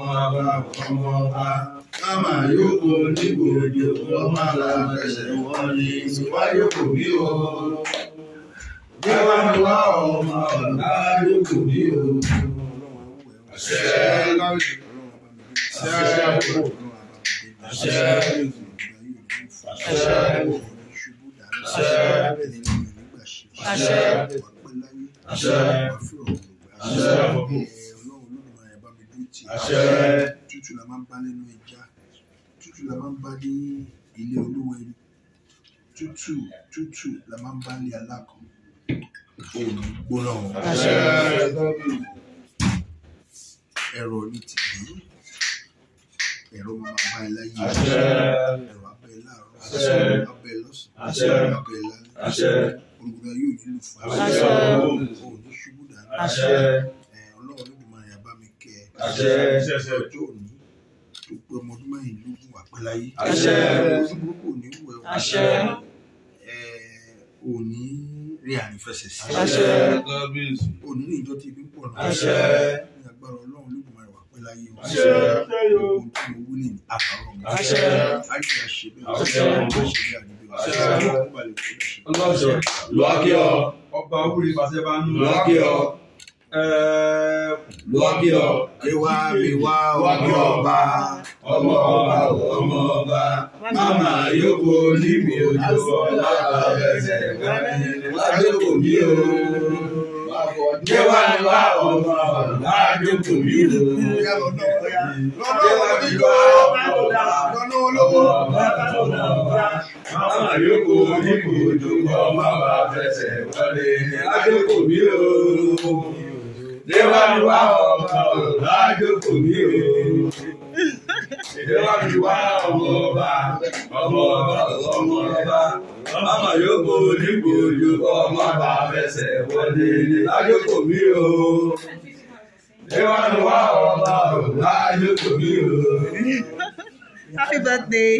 ọba ọmọ ọba kámà yóò kó níbo òde wọn má la ẹsẹ̀ wọn ni ìwá yóò kò bí o. Jẹ́wọ́ ni wá ọmọ ọ̀gá yóò kò bí o. Àṣẹ àṣẹ àṣẹ àṣẹ àṣẹ àṣẹ àṣẹ àṣẹ tì. tútù la máa ń bá ẹja tútù la máa ń bá ilé olúwa ẹni tútù tútù la máa ń bá ní òòlù gbóná wọn. ẹ̀rọ ní tìbí ẹ̀rọ máa bá ẹ láyé ẹ̀rọ abẹ́ láàárọ̀ abẹ́ lọ́sàn-án abẹ́ lálẹ́ olùgbà yóò yí fún ọ òòlù ṣubú dànù ọlọ́run àṣẹ ìṣẹ̀ṣẹ̀ tó ní tó pé ọmọ ọdún mẹ́rìndínlógún wà pẹ́ láyé àṣẹ ojú burúkú ò ní wù àṣẹ ò rí àrífẹsẹ̀ sí àṣẹ ò ní ìjọ tí ibi ń pọ̀ náà àṣẹ ní agbára ọlọ́run lóògùn wà pẹ́ láyé àṣẹ ohun tí mo wú ní àkàrọ̀ mi àṣẹ àjẹ àṣẹ bẹ́ẹ̀ àṣẹ àṣẹ bẹ́ẹ̀ àṣẹ ọlọ́sẹ̀ lọ́kì ọ ọba wúri pàṣẹ bá ń lọ́kì ọ lọ́jọ́ ìwà ìwà ọmọ ọba ọmọ ọba ọmọ ọba mama yòókù níbi ojú ọ̀la ẹsẹ̀ wájókù mi o. Kéwà ni wá ọmọ ọ̀la jókòó mi o. Kéwà ni wá ọmọ ọ̀la mama yòókù níbi ojú ọ̀la ẹsẹ̀ wálé ni wájókù mi o. Déwájúwá ọmọ ọba jókòó mi o. Déwájúwá ọmọ ọba ọmọ ọba ọmọ ọba. Ọmọ yòókù onígbò ojú ọmọ bá Happy birthday.